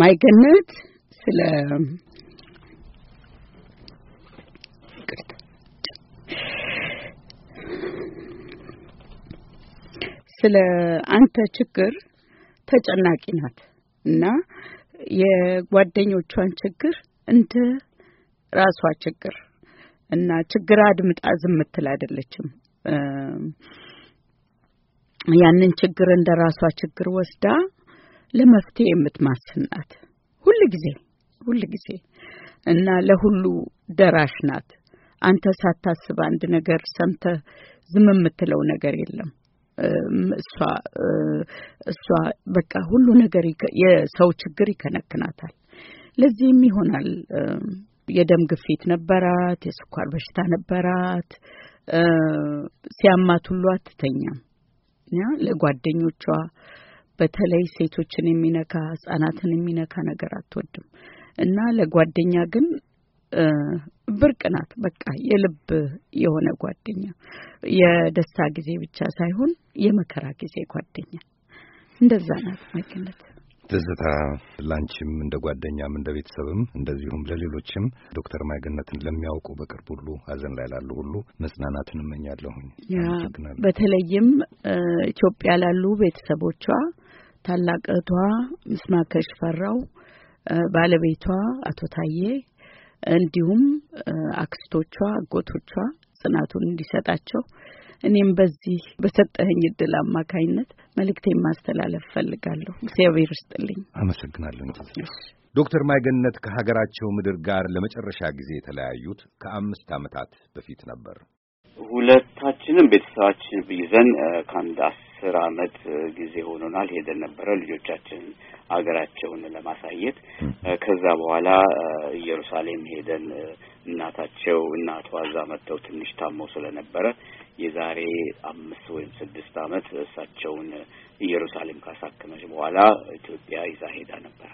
ማይገነት ስለ ስለ አንተ ችግር ተጨናቂ ናት እና የጓደኞቿን ችግር እንደ ራሷ ችግር እና ችግር አድምጣ ዝም ትል አይደለችም። ያንን ችግር እንደ ራሷ ችግር ወስዳ ለመፍትሄ የምትማስናት ሁል ጊዜ ሁል ጊዜ እና ለሁሉ ደራሽ ናት። አንተ ሳታስብ አንድ ነገር ሰምተህ ዝም የምትለው ነገር የለም። እሷ እሷ በቃ ሁሉ ነገር የሰው ችግር ይከነክናታል። ለዚህም ይሆናል የደም ግፊት ነበራት፣ የስኳር በሽታ ነበራት፣ ሲያማት ሁሉ አትተኛም። ለጓደኞቿ በተለይ ሴቶችን የሚነካ ህጻናትን የሚነካ ነገር አትወድም እና ለጓደኛ ግን ብርቅ ናት። በቃ የልብ የሆነ ጓደኛ፣ የደስታ ጊዜ ብቻ ሳይሆን የመከራ ጊዜ ጓደኛ እንደዛ ናት መገነት። ትዝታ ላንቺም እንደ ጓደኛም እንደ ቤተሰብም እንደዚሁም ለሌሎችም ዶክተር ማይገነትን ለሚያውቁ በቅርብ ሁሉ ሀዘን ላይ ላሉ ሁሉ መጽናናትን እመኛለሁኝ። በተለይም ኢትዮጵያ ላሉ ቤተሰቦቿ ታላቅ እህቷ ምስማከ ሽፈራው፣ ባለቤቷ አቶ ታዬ እንዲሁም አክስቶቿ፣ አጎቶቿ ጽናቱን እንዲሰጣቸው እኔም በዚህ በሰጠኸኝ እድል አማካይነት መልእክቴን ማስተላለፍ ፈልጋለሁ። እግዚአብሔር ይስጥልኝ። አመሰግናለሁ። ዶክተር ማይገነት ከሀገራቸው ምድር ጋር ለመጨረሻ ጊዜ የተለያዩት ከአምስት ዓመታት በፊት ነበር። ሁለታችንም ቤተሰባችን ይዘን ከአንድ አስር ዓመት ጊዜ ሆኖናል ሄደን ነበረ ልጆቻችን ሀገራቸውን ለማሳየት። ከዛ በኋላ ኢየሩሳሌም ሄደን እናታቸው እናቷ እዛ መጥተው ትንሽ ታመው ስለነበረ የዛሬ አምስት ወይም ስድስት ዓመት እሳቸውን ኢየሩሳሌም ካሳከመች በኋላ ኢትዮጵያ ይዛ ሄዳ ነበር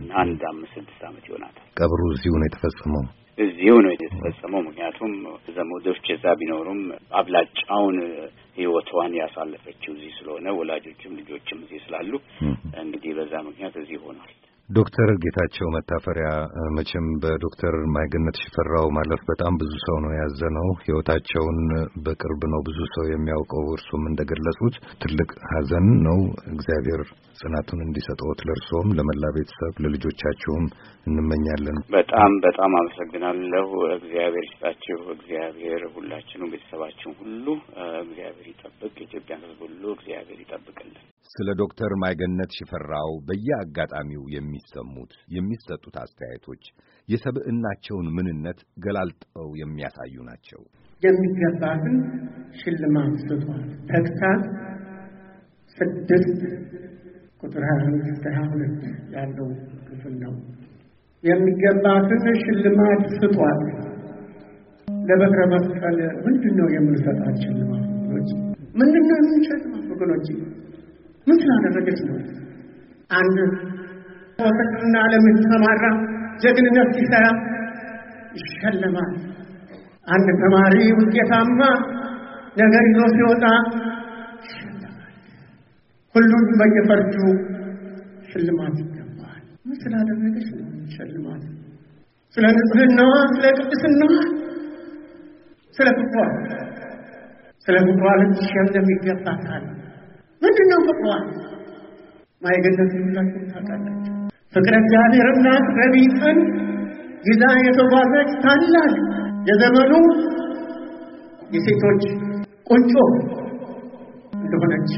እና አንድ አምስት ስድስት ዓመት ይሆናታል። ቀብሩ እዚሁ ነው የተፈጸመው እዚሁ ነው የተፈጸመው። ምክንያቱም ዘመዶች እዛ ቢኖሩም አብላጫውን ህይወቷን ያሳለፈችው እዚህ ስለሆነ ወላጆችም ልጆችም እዚህ ስላሉ እንግዲህ በዛ ምክንያት እዚህ ሆኗል። ዶክተር ጌታቸው መታፈሪያ መቼም በዶክተር ማይገነት ሽፈራው ማለፍ በጣም ብዙ ሰው ነው ያዘነው። ህይወታቸውን በቅርብ ነው ብዙ ሰው የሚያውቀው። እርሱም እንደገለጹት ትልቅ ሀዘን ነው። እግዚአብሔር ጽናቱን እንዲሰጠውት ለእርሶም፣ ለመላ ቤተሰብ፣ ለልጆቻችሁም እንመኛለን። በጣም በጣም አመሰግናለሁ። እግዚአብሔር ይስጣችሁ። እግዚአብሔር ሁላችንም ቤተሰባችን ሁሉ እግዚአብሔር ይጠብቅ። የኢትዮጵያን ህዝብ ሁሉ እግዚአብሔር ይጠብቅልን። ስለ ዶክተር ማይገነት ሽፈራው በየአጋጣሚው የሚሰሙት የሚሰጡት አስተያየቶች የሰብዕናቸውን ምንነት ገላልጠው የሚያሳዩ ናቸው። የሚገባትን ሽልማት ስቷል። ተግሳጽ ስድስት ቁጥር ሀያ አምስት ሀያ ሁለት ያለው ክፍል ነው። የሚገባትን ሽልማት ስቷል። ለበትረ መስቀል ምንድን ነው የምንሰጣት ሽልማት? ምንድን ነው የምንሸልማት ወገኖች? ምን አደረገች ነው? አንድ በፍቅርና ዓለም ተማራ ጀግንነት ሲሰራ ይሸለማል። አንድ ተማሪ ውጤታማ ነገር ይዞ ሲወጣ ይሸለማል። ሁሉም በየፈርጁ ሽልማት ይገባል። ምን ስላደረገች ነው ሽልማት? ስለ ንጽህናዋ፣ ስለ ቅድስናዋ፣ ስለ ፍቅሯ ስለ ፍቅሯ ልትሸለም ይገባታል። ምንድነው ጥቅሟል? ማይገነት ሁላችሁ ታውቃላችሁ። ፍቅረ እግዚአብሔር እናት ረቢትን ይዛ የተጓዘች ታላቅ የዘመኑ የሴቶች ቁንጮ እንደሆነች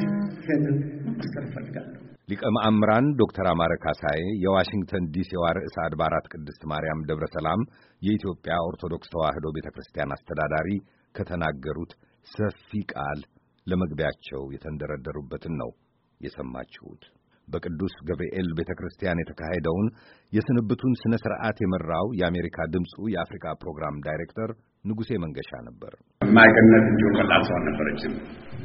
ይህንን ማስቀር እፈልጋለሁ። ሊቀ መአምራን ዶክተር አማረ ካሳይ የዋሽንግተን ዲሲዋ ርዕሰ አድባራት ቅድስት ማርያም ደብረ ሰላም የኢትዮጵያ ኦርቶዶክስ ተዋሕዶ ቤተ ክርስቲያን አስተዳዳሪ ከተናገሩት ሰፊ ቃል ለመግቢያቸው የተንደረደሩበትን ነው የሰማችሁት። በቅዱስ ገብርኤል ቤተ ክርስቲያን የተካሄደውን የስንብቱን ሥነ ሥርዓት የመራው የአሜሪካ ድምፁ የአፍሪካ ፕሮግራም ዳይሬክተር ንጉሴ መንገሻ ነበር። ማይገነት እንዲሁ ቀላል ሰው አልነበረችም።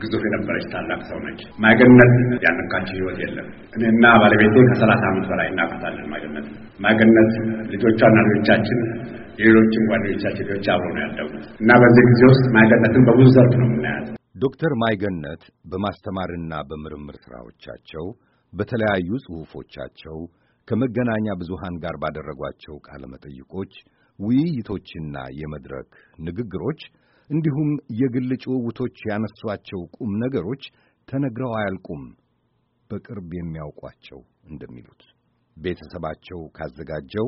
ግዙፍ የነበረች ታላቅ ሰው ነች። ማይገነት ያነካቸው ህይወት የለም። እኔና ባለቤቴ ከሰላሳ ዓመት በላይ እናውቃታለን። ማይገነት ማይገነት ልጆቿና ልጆቻችን የሌሎችን ጓደኞቻችን ልጆች አብሮ ነው ያደጉት እና በዚህ ጊዜ ውስጥ ማይገነትን በብዙ ዘርፍ ነው የምናያት ዶክተር ማይገነት በማስተማርና በምርምር ሥራዎቻቸው በተለያዩ ጽሑፎቻቸው ከመገናኛ ብዙሃን ጋር ባደረጓቸው ቃለ መጠይቆች፣ ውይይቶችና የመድረክ ንግግሮች እንዲሁም የግል ጭውውቶች ያነሷቸው ቁም ነገሮች ተነግረው አያልቁም። በቅርብ የሚያውቋቸው እንደሚሉት ቤተሰባቸው ካዘጋጀው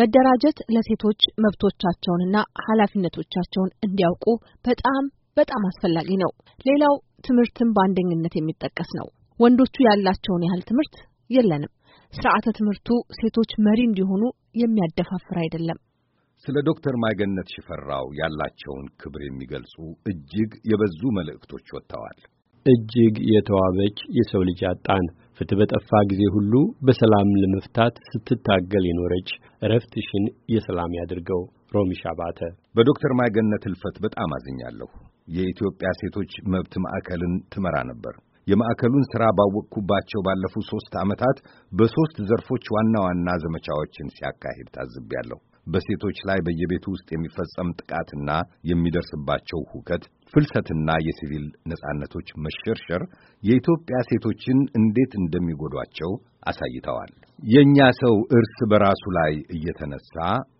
መደራጀት ለሴቶች መብቶቻቸውንና ኃላፊነቶቻቸውን እንዲያውቁ በጣም በጣም አስፈላጊ ነው። ሌላው ትምህርትን በአንደኝነት የሚጠቀስ ነው። ወንዶቹ ያላቸውን ያህል ትምህርት የለንም። ስርዓተ ትምህርቱ ሴቶች መሪ እንዲሆኑ የሚያደፋፍር አይደለም። ስለ ዶክተር ማገነት ሽፈራው ያላቸውን ክብር የሚገልጹ እጅግ የበዙ መልእክቶች ወጥተዋል። እጅግ የተዋበች የሰው ልጅ አጣን። ፍትህ በጠፋ ጊዜ ሁሉ በሰላም ለመፍታት ስትታገል የኖረች እረፍትሽን የሰላም ያድርገው። ሮሚሻ አባተ። በዶክተር ማይገነት ሕልፈት በጣም አዝኛለሁ። የኢትዮጵያ ሴቶች መብት ማዕከልን ትመራ ነበር። የማዕከሉን ሥራ ባወቅኩባቸው ባለፉት ሦስት ዓመታት በሦስት ዘርፎች ዋና ዋና ዘመቻዎችን ሲያካሂድ ታዝቤያለሁ። በሴቶች ላይ በየቤቱ ውስጥ የሚፈጸም ጥቃትና የሚደርስባቸው ሁከት ፍልሰትና የሲቪል ነጻነቶች መሸርሸር የኢትዮጵያ ሴቶችን እንዴት እንደሚጎዷቸው አሳይተዋል። የእኛ ሰው እርስ በራሱ ላይ እየተነሳ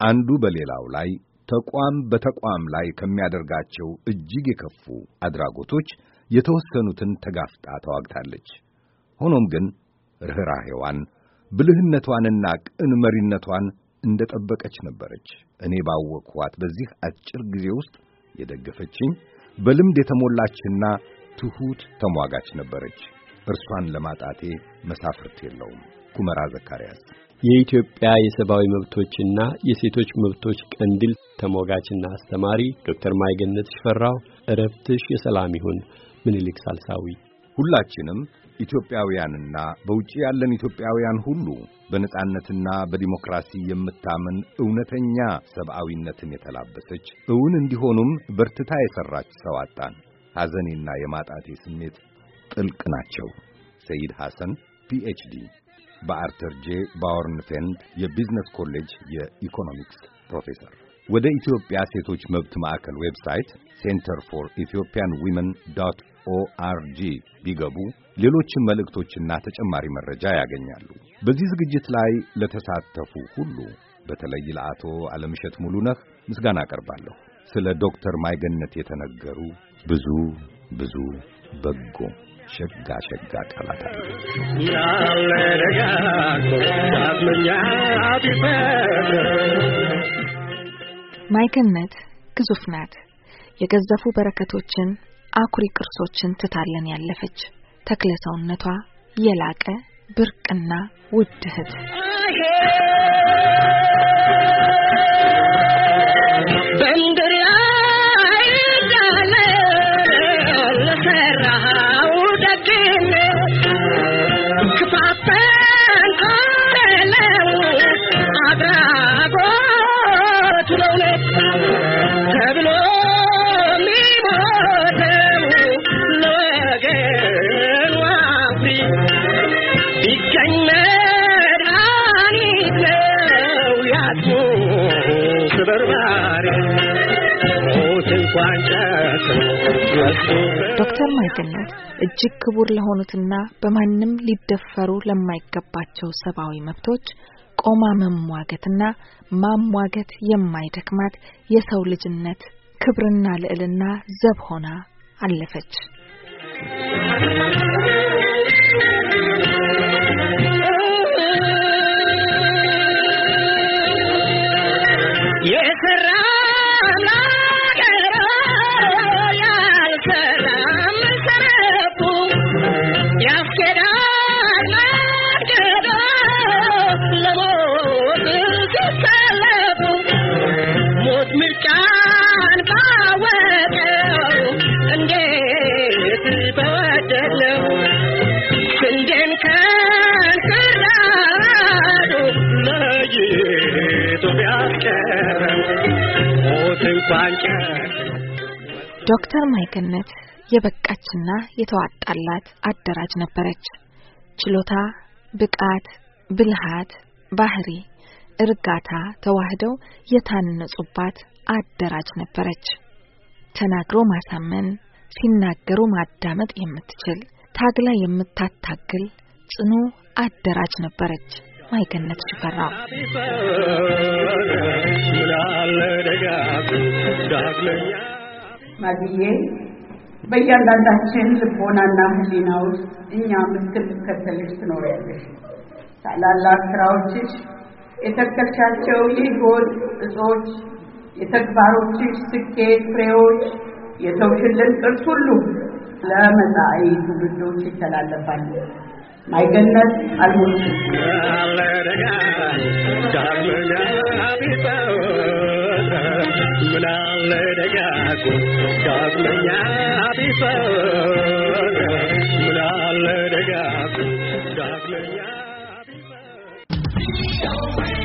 አንዱ በሌላው ላይ ተቋም በተቋም ላይ ከሚያደርጋቸው እጅግ የከፉ አድራጎቶች የተወሰኑትን ተጋፍጣ ተዋግታለች። ሆኖም ግን ርኅራኄዋን ብልህነቷንና ቅን መሪነቷን እንደ ጠበቀች ነበረች። እኔ ባወቅኋት በዚህ አጭር ጊዜ ውስጥ የደገፈችኝ በልምድ የተሞላችና ትሑት ተሟጋች ነበረች። እርሷን ለማጣቴ መሳፍርት የለውም። ኩመራ ዘካርያስ የኢትዮጵያ የሰብአዊ መብቶችና የሴቶች መብቶች ቀንድል ተሟጋችና አስተማሪ ዶክተር ማይገነት ሽፈራው እረፍትሽ የሰላም ይሁን። ምኒልክ ሳልሳዊ ሁላችንም ኢትዮጵያውያንና በውጪ ያለን ኢትዮጵያውያን ሁሉ በነጻነትና በዲሞክራሲ የምታምን እውነተኛ ሰብአዊነትን የተላበሰች እውን እንዲሆኑም በርትታ የሠራች ሰው አጣን። ሐዘኔና የማጣቴ ስሜት ጥልቅ ናቸው። ሰይድ ሐሰን ፒኤችዲ በአርተር ጄ ባወርንፌንድ የቢዝነስ ኮሌጅ የኢኮኖሚክስ ፕሮፌሰር። ወደ ኢትዮጵያ ሴቶች መብት ማዕከል ዌብሳይት ሴንተር ፎር ኢትዮጵያን ዊመን ዶት ኦአርጂ ቢገቡ ሌሎችም መልእክቶችና ተጨማሪ መረጃ ያገኛሉ። በዚህ ዝግጅት ላይ ለተሳተፉ ሁሉ በተለይ ለአቶ አለምሸት ሙሉነህ ምስጋና አቀርባለሁ። ስለ ዶክተር ማይገነት የተነገሩ ብዙ ብዙ በጎ ሸጋ ሸጋ ቃላት አሉ። ማይገነት ግዙፍ ናት። የገዘፉ በረከቶችን አኩሪ ቅርሶችን ትታለን ያለፈች ተክለሰውነቷ የላቀ ብርቅና ውድ እህት በእንደ ዶክተር ማይገነት እጅግ ክቡር ለሆኑትና በማንም ሊደፈሩ ለማይገባቸው ሰብአዊ መብቶች ቆማ መሟገትና ማሟገት የማይደክማት የሰው ልጅነት ክብርና ልዕልና ዘብ ሆና አለፈች። ዶክተር ማይገነት የበቃችና የተዋጣላት አደራጅ ነበረች። ችሎታ፣ ብቃት፣ ብልሃት፣ ባህሪ፣ እርጋታ ተዋህደው የታነጹባት አደራጅ ነበረች። ተናግሮ ማሳመን፣ ሲናገሩ ማዳመጥ የምትችል ታግላ የምታታግል ጽኑ አደራጅ ነበረች። ማይገነት ሽፈራው ማግዬ በእያንዳንዳችን ልቦናና ሕሊና ውስጥ እኛም እስክንከተልሽ ትኖሪያለሽ። ታላላቅ ስራዎችሽ፣ የተከልሻቸው የሕይወት እጾች፣ የተግባሮችሽ ስኬት ፍሬዎች፣ የተውሽልን ቅርስ ሁሉ ለመጻኢ ትውልዶች ይተላለፋል። ማይገነት አልሞችም ምናለ ደጋጉ ዳግመኛ ቢፈር ምናለ ደጋጉ ዳግመኛ ቢፈር